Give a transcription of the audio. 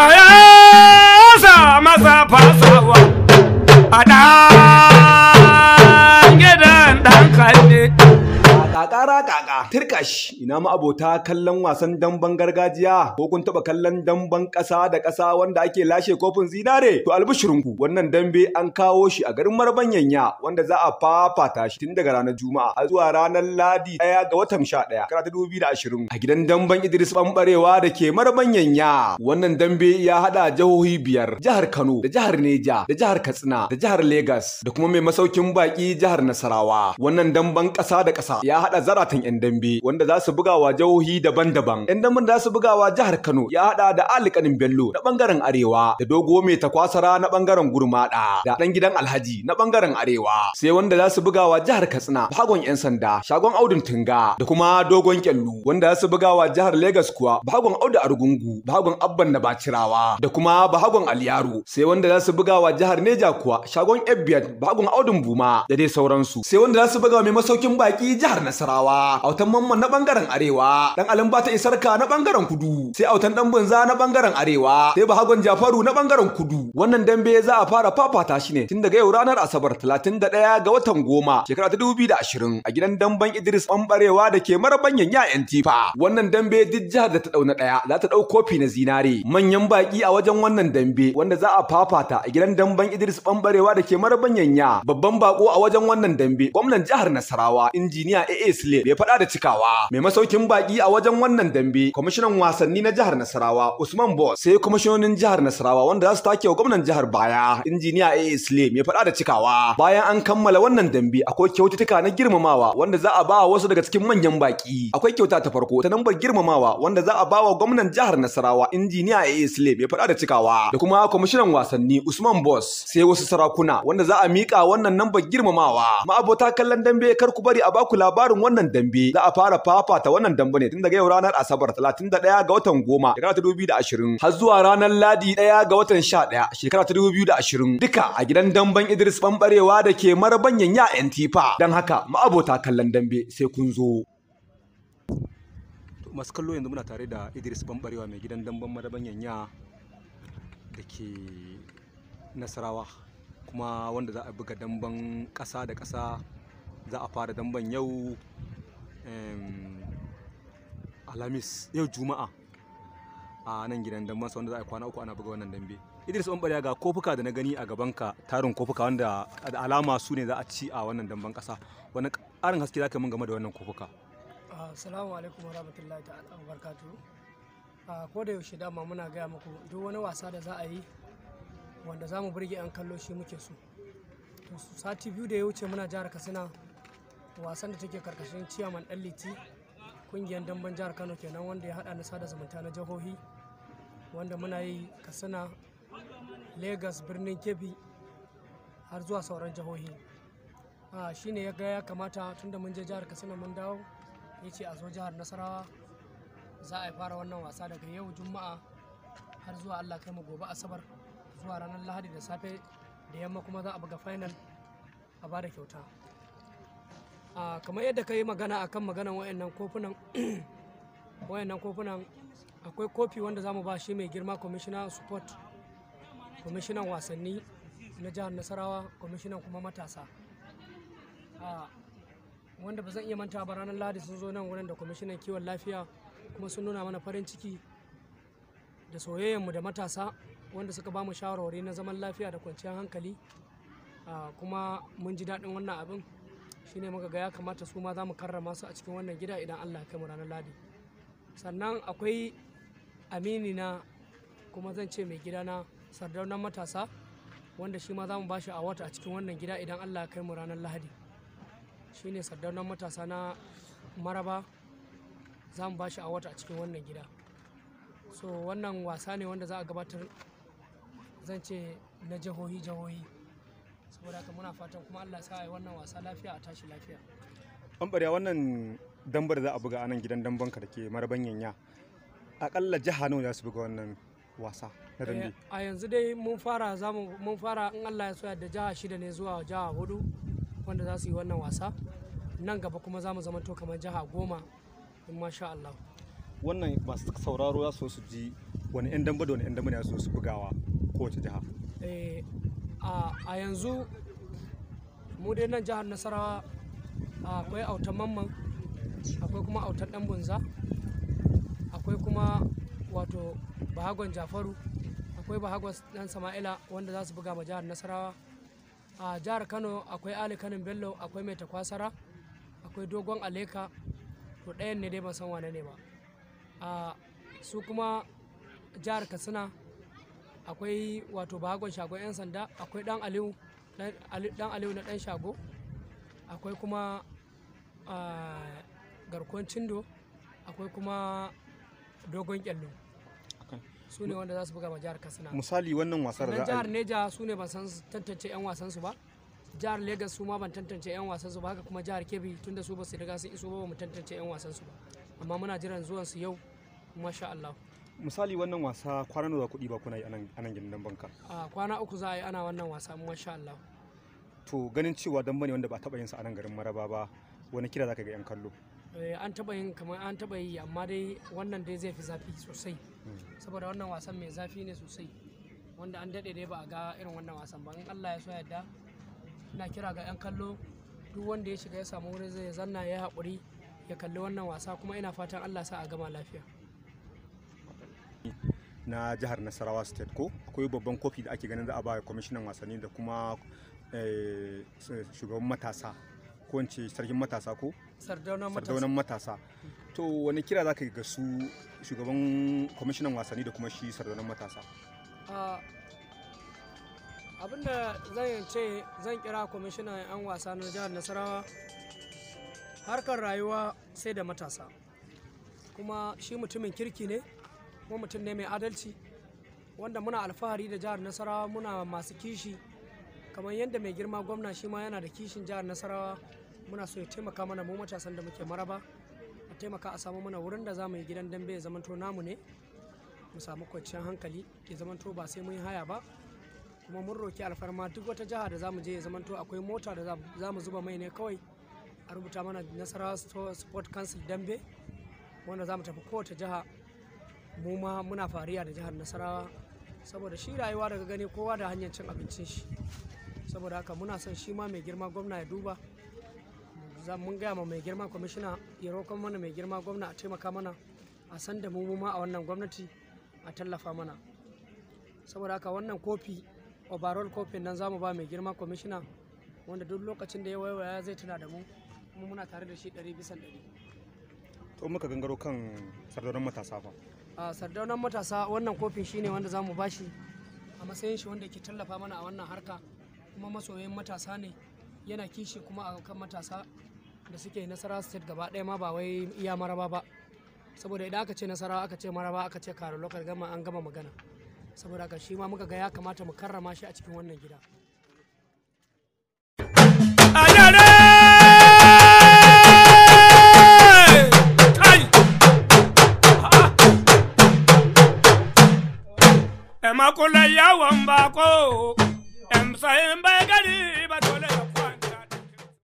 Ayasa masa pasawa. Ada. Flash ina ma abota kallon wasan damben gargajiya ko kun taba kallon damben ƙasa da ƙasa wanda ake lashe kofin zinare to albishirinku wannan dambe an kawo shi a garin Marbanyanya wanda za a fafata shi tun daga ranar Juma'a har zuwa ranar Ladi daya ga watan 11 kara ta ashirin. a gidan damben Idris Bambarewa da ke Marbanyanya wannan dambe ya haɗa jihohi biyar jihar Kano da jihar Neja da jihar Katsina da jihar Legas da kuma mai masaukin baki jihar Nasarawa wannan damben ƙasa da ƙasa ya haɗa zaratan 'yan dambe wanda za su bugawa jihohi daban-daban. Yan da za su bugawa jihar Kano ya haɗa da Alikanin Bello na ɓangaren Arewa da Dogo Mai Takwasara na bangaren gurmada da ɗan gidan Alhaji na ɓangaren Arewa. Sai wanda za su bugawa jihar Katsina Bahagon 'yan sanda Shagon Audun Tunga da kuma Dogon Kyallu wanda za su bugawa jihar Legas kuwa Bahagon Audu Argungu Bahagon Abban na Bacirawa da kuma Bahagon Aliyaru sai wanda za su bugawa jihar Neja kuwa Shagon Ebbiyan Bahagon Audun Buma da dai sauransu. Sai wanda za su bugawa mai masaukin baki jihar Nasarawa Autan Mamman na bangaren arewa dan alamba ta isarka na bangaren kudu sai autan dan bunza na bangaren arewa sai bahagon jafaru na bangaren kudu wannan dambe za a fara fafata shi ne tun daga yau ranar asabar 31 ga watan goma shekara ta 2020 a gidan damban Idris bambarewa da ke marabanyan yayan tifa wannan dambe duk jihar da ta dauna daya za ta dau kofi na zinare manyan baki a wajen wannan dambe wanda za a fafata a gidan damban Idris bambarewa da ke marabanyan ya babban bako a wajen wannan dambe gwamnan jihar Nasarawa injiniya AA Sule bai faɗa da cikawa Nasarawa. Mai masaukin baki a wajen wannan dambe, kwamishinan wasanni na jihar Nasarawa Usman Boss sai kwamishinonin jihar Nasarawa wanda za su take wa gwamnan jihar baya, injiniya A. Slim ya faɗa da cikawa. Bayan an kammala wannan dambe akwai kyaututtuka na girmamawa wanda za a ba wasu daga cikin manyan baki. Akwai kyauta ta farko ta nambar girmamawa wanda za a ba wa gwamnan jihar Nasarawa injiniya A. Slim ya faɗa da cikawa. Da kuma kwamishinan wasanni Usman Boss sai wasu sarakuna wanda za a miƙa wannan nambar girmamawa. Ma'abota kallon dambe kar ku bari a baku labarin wannan dambe. Za a fara fara fafata wannan damba ne tun daga yau ranar Asabar 31 ga watan goma shekara ta 2020 har zuwa ranar Ladi 1 ga watan 11 shekara ta 2020 duka a gidan damban Idris Bambarewa da ke marabanyan ya Tifa don haka ma'abota kallon dambe sai kun zo. masu kallo yanzu muna tare da idris bambarewa mai gidan damban madaban yanya da ke nasarawa kuma wanda za a buga damban ƙasa da ƙasa za a fara damban yau alhamis yau juma'a a nan gidan dambe wanda za a kwana uku ana buga wannan dambe idris ɓanɓare ga kofuka da na gani a gaban ka tarin kofuka wanda da alama su ne za a ci a wannan damben ƙasa wani ƙarin haske za ka min game da wannan kofuka assalamu alaikum wa rahmatullahi ta'ala wa ko da yaushe dama muna gaya muku duk wani wasa da za a yi wanda za mu burge 'yan kallo shi muke so sati biyu da ya wuce muna jihar katsina wasan da take karkashin ciyaman dan liti kungiyar damben jihar kano kenan wanda ya hada na sada zumunta na jihohi wanda muna yi katsina lagos birnin kebbi har zuwa sauran jihohi shi ne ya ga ya kamata tunda mun je jihar katsina mun dawo ya ce a zo jihar nasarawa za a fara wannan wasa daga yau juma'a har zuwa allah kai mu gobe asabar zuwa ranar lahadi da safe da yamma kuma za a buga final a bada kyauta kamar yadda ka yi magana akan maganan wayannan kofunan kofunan akwai kofi wanda za mu ba shi mai girma commissioner support commissioner wasanni na jihar nasarawa commissioner kuma matasa wanda ba zan iya manta ba ranar ladi sun zo nan wurin da commissioner kiwon lafiya kuma sun nuna mana farin ciki da soyayyenmu da matasa wanda suka ba mu shawarwari na zaman lafiya da kwanciyar hankali kuma mun ji daɗin wannan abin shine muka ga ya kamata su ma za mu karrama su a cikin wannan gida idan allah ya kai mu ranar ladi sannan akwai amini na kuma zan ce mai gida na sardaunan matasa wanda shi ma za mu bashi a wata a cikin wannan gida idan allah ya kai mu ranar lahadi shine sardaunan matasa na maraba za mu bashi a wata a cikin wannan gida so wannan wasa ne wanda za a gabatar zan ce na jihohi jihohi saboda haka muna fatan kuma Allah sa ya wannan wasa lafiya a tashi lafiya bambariya wannan dambar za a buga a nan gidan dambanka da ke maraban yanya akalla jiha nawa za su buga wannan wasa na dambe eh, a yanzu dai mun fara zamu mun fara in Allah ya so da jiha shida ne zuwa jiha hudu wanda za su yi wannan wasa nan gaba kuma za mu zamanto kamar jiha goma in masha Allah wannan masu sauraro ya su ji wani 'yan damba da wani 'yan damba ne ya so su bugawa kowace jiha eh, a yanzu mu dai nan jihar nasarawa akwai autan mamman akwai kuma autan dan bunza akwai kuma wato bahagon jafaru akwai bahagon dan sama'ila wanda za su buga ma jihar nasarawa a jihar kano akwai ali kanin bello akwai mai takwasara akwai dogon aleka to ɗayan ne dai ban san wane ne ba su kuma jihar katsina akwai wato bahagon shago 'yan sanda akwai dan aliyu dan aliyu na dan shago akwai kuma garkon cindo akwai kuma dogon kyallo su ne wanda za su buga ma jihar katsina misali wannan wasar da jihar neja su ne ban san tantance 'yan wasan su ba jihar lagos su ma ban tantance 'yan wasan su ba haka kuma jihar kebbi tunda su ba su riga sun iso ba mu tantance 'yan wasan su ba amma muna jiran zuwan su yau masha Allah misali wannan wasa kwana nawa kuɗi ba kuna yi a nan gindin banka a kwana uku za a yi ana wannan wasa mu masha Allah to ganin cewa dan bane wanda ba taba yin sa a nan garin Maraba ba wani kira zaka ga yan kallo eh, an taba yin kamar an taba yi amma dai wannan dai zai fi zafi sosai hmm. saboda wannan wasan mai zafi ne sosai wanda an dade dai ba a ga irin wannan wasan ba in Allah ya so yadda ina kira ga yan kallo duk wanda ya shiga ya samu wurin zai zanna ya haƙuri ya kalli wannan wasa kuma ina fatan Allah sa a gama lafiya na jihar nasarawa state ko akwai babban kofi da ake ganin za a ba kwamishinan wasanni da kuma eh, shugaban matasa ko ce sarkin matasa ko sardaunan matasa to wani kira za ka ga su shugaban kwamishinan wasanni da kuma shi sardaunan matasa abinda zan ce zan kira kwamishinan 'yan wasa na jihar nasarawa harkar rayuwa sai da matasa kuma shi mutumin kirki ne kuma mutum ne mai adalci wanda muna alfahari da jihar nasarawa muna masu kishi kamar yadda mai girma gwamna shi ma yana da kishin jihar nasarawa muna so ya taimaka mana mu matasan da muke maraba a taimaka a samu mana wurin da za mu yi gidan dambe ya zamanto namu ne mu samu kwanciyar hankali ya zamanto ba sai mun yi haya ba kuma mun roki alfarma duk wata jiha da za mu je ya zamanto akwai mota da za mu zuba mai ne kawai a rubuta mana nasarawa sport council dambe wanda za mu tafi kowace jiha mu ma muna fariya da jihar nasarawa saboda shi rayuwa daga gani kowa da hanyar cin abincin shi saboda haka muna son shi ma mai girma gwamna ya duba mun gaya ma mai girma kwamishina ya roƙon mana mai girma gwamna a taimaka mana a san da mu ma a wannan gwamnati a tallafa mana saboda haka wannan kofi overall kofi nan zamu ba mai girma kwamishina wanda duk lokacin da ya waiwaya zai tuna da mu kuma muna tare da shi ɗari bisan ɗari to muka gangaro kan sardaunan matasa fa sardaunan matasa wannan kofin shine wanda za mu bashi a matsayin shi wanda ke tallafa mana a wannan harka kuma masoyin matasa ne yana kishi kuma a kan matasa da suke nasara state gaba ɗaya ma ba wai iya maraba ba saboda idan aka ce nasara aka ce maraba aka ce karo lokal gama an gama magana saboda ka shi ma muka ga ya kamata mu karrama shi a cikin wannan gida